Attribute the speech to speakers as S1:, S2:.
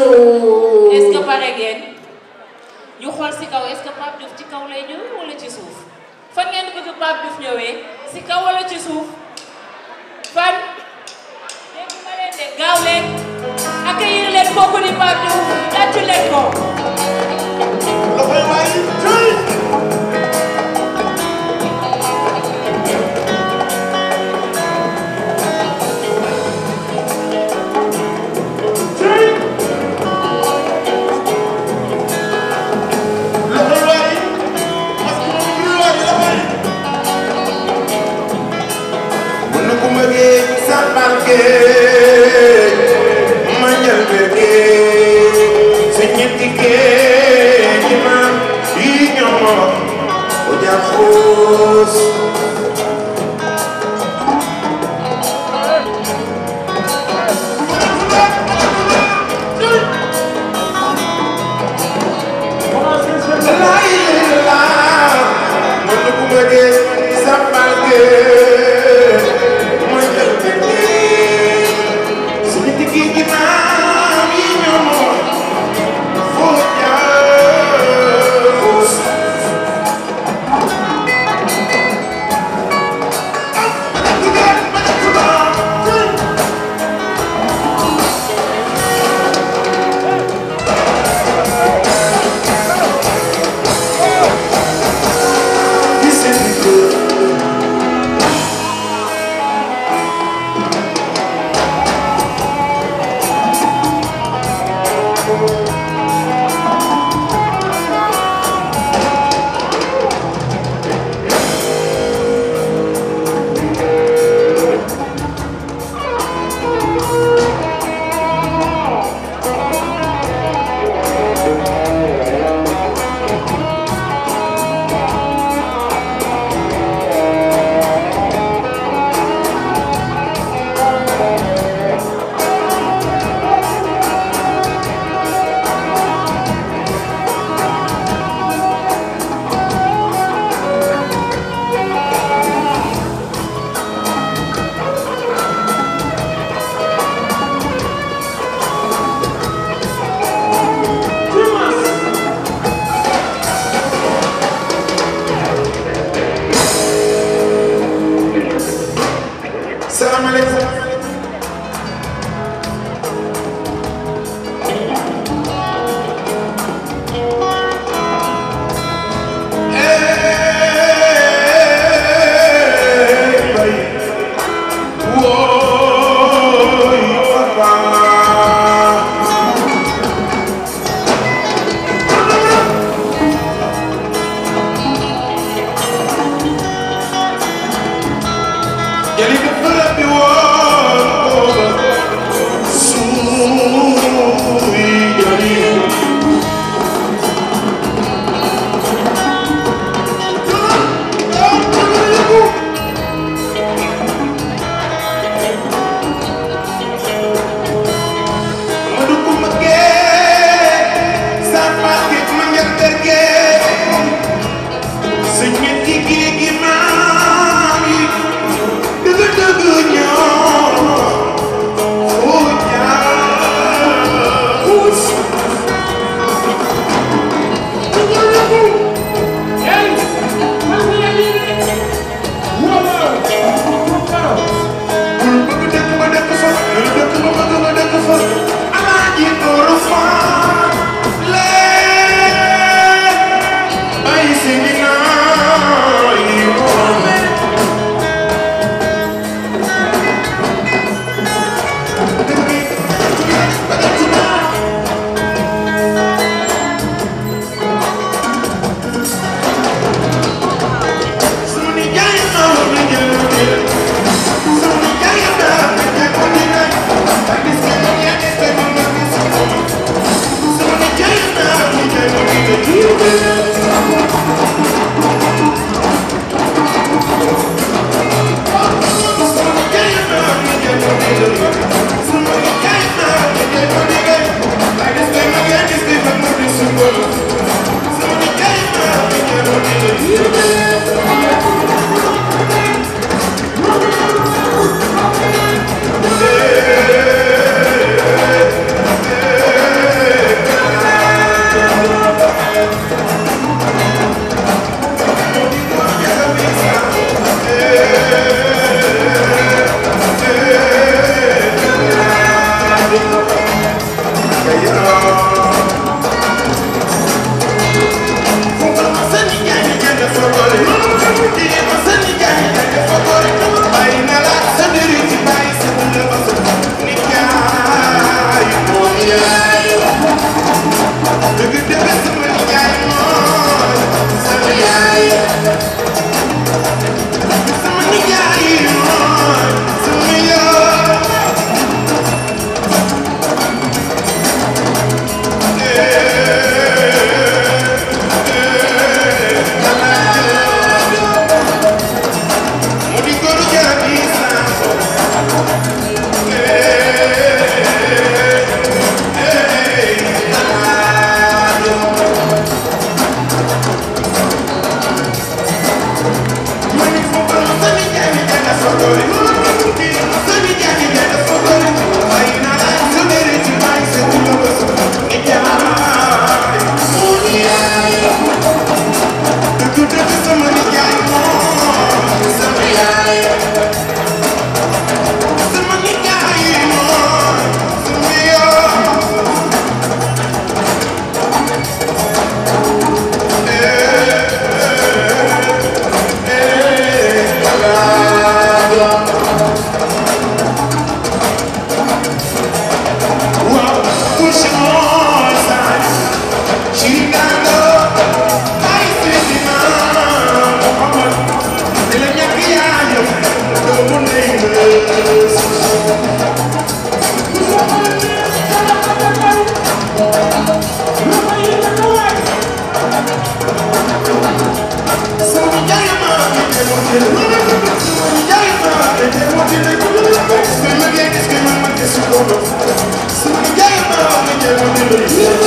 S1: est-ce que pare ngeen ñu xool si kaw est-ce que Pape ci kaw lay ñëwee wala ci suuf fan ngeen bëgg Pape Diouf ñëwee si kaw wala ci suuf fan dégg nga leen de gaaw leen accueillir leen di Pape Diouf. again. salaamaaleykum whoa. Thank you. Yeah.